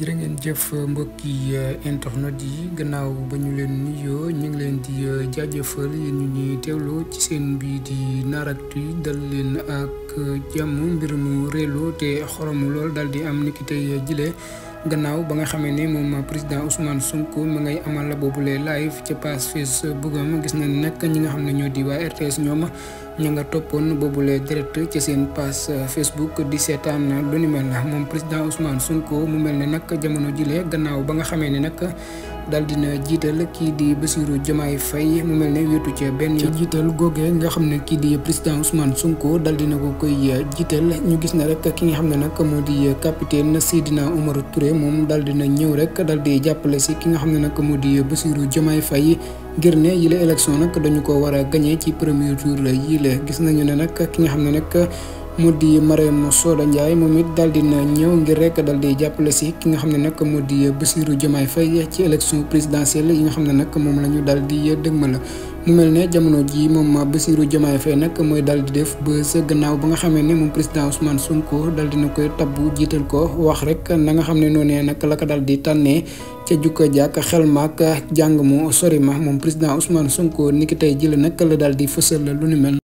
jërë jëf mbokki euh, internet yi gannaaw ba ñu leen nuyoo ñu ngi leen di euh, jaajëfal yéen ñu ñuy teewlu ci seen bii di Naractu yi dal leen ak euh, jàmm mbir mu réeloo te xoromu lool dal di am niki tey jile gannaaw ba nga xamee ne moom président Ousmane Sonko ma ngay amal la boobule live ca page Facebook buggam gis nañ nag ñi nga xam ne ñoo di waa RTS ñoom ña nga toppoon boobule direct ci seen page eh, facebook di seetaan lu nah, ni mel moom président Ousmane Sonko mu mel ne nag jamono jile gannaaw ba nga xamee ne nag dal dina jiital kii di Bassirou Diomaye Faye mu mel ne wéetu ca benn ci ya. jiital googee nga xam ne kii di président Ousmane Sonko dal dina ko koy ya. jiital ñu gis ne rek ki nga xam ne nag di capitaine ya. Seydina Omar Touré moom dal dina ñëw rek dal di jàppale si ki nga xam ne nag moo di Bassirou ngir ne yile élection nag dañu ko war a gagné ci premier tour la yile gis nañu ne nag ki nga xam ne nag. mu di Marème Soda Ndiaye moom it daal dina ñëw ngir rek dal di jàppale si ki nga xam ne nag mu di Bassirou Diomaye Faye ci élection présidentielle yi nga xam ne nag moom la ñu daal di dëgmal mu mel ne jamono ji moom Bassirou Diomaye Faye nag mooy daal di def ba sa gannaaw ba nga xamee ne moom président Ousmane Sonko dal dina koy tabbu jiital ko wax rek na nga xam ne noonee nag la ko dal di tànnee ca jukka jàkk xel maak jàng mu sori ma moom président Ousmane Sonko niki tey jële nag la daal di fësal lu ni mel